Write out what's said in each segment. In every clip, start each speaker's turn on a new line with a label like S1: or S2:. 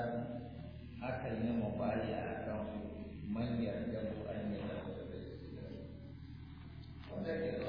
S1: nan akan yi mabari a kan manyan dabu an yi da wanda ke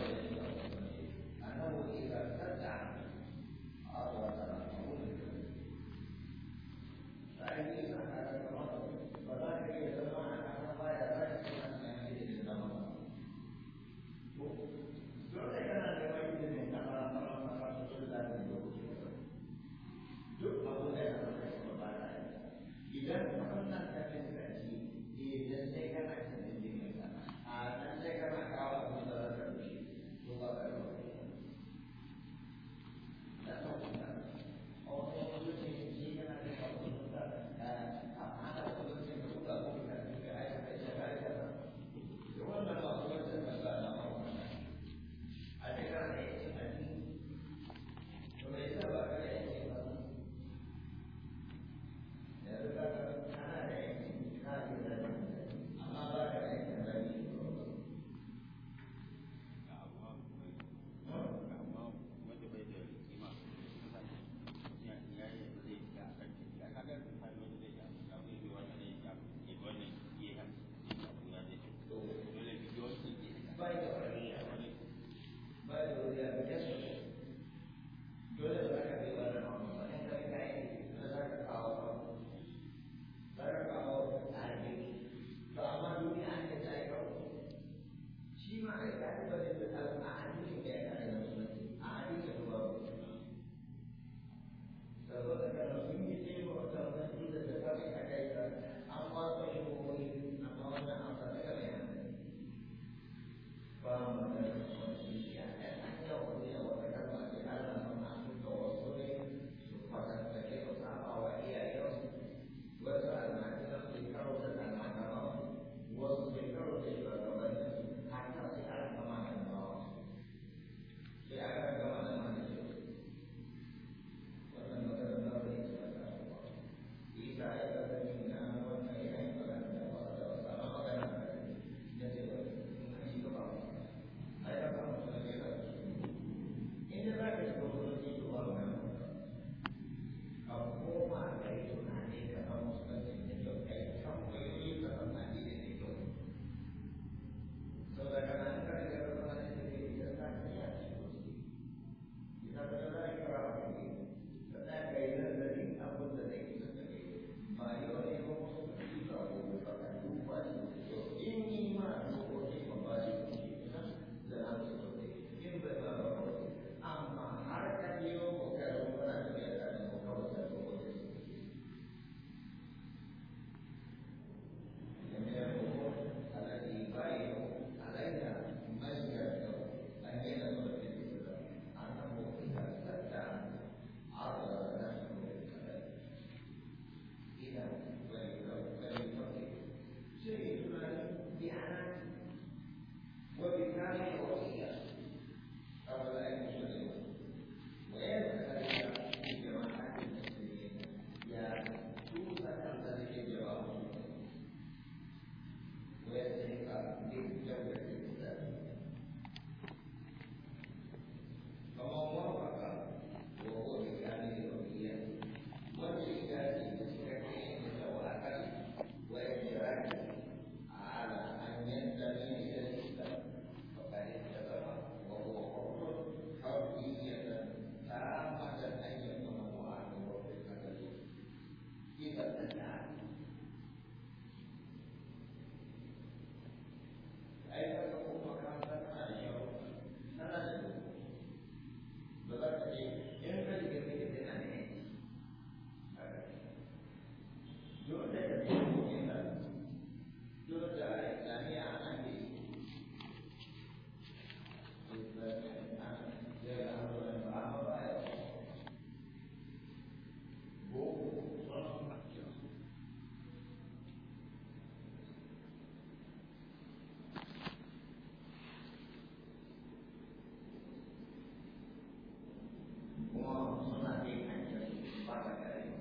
S1: اور پاگر کریں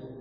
S1: どう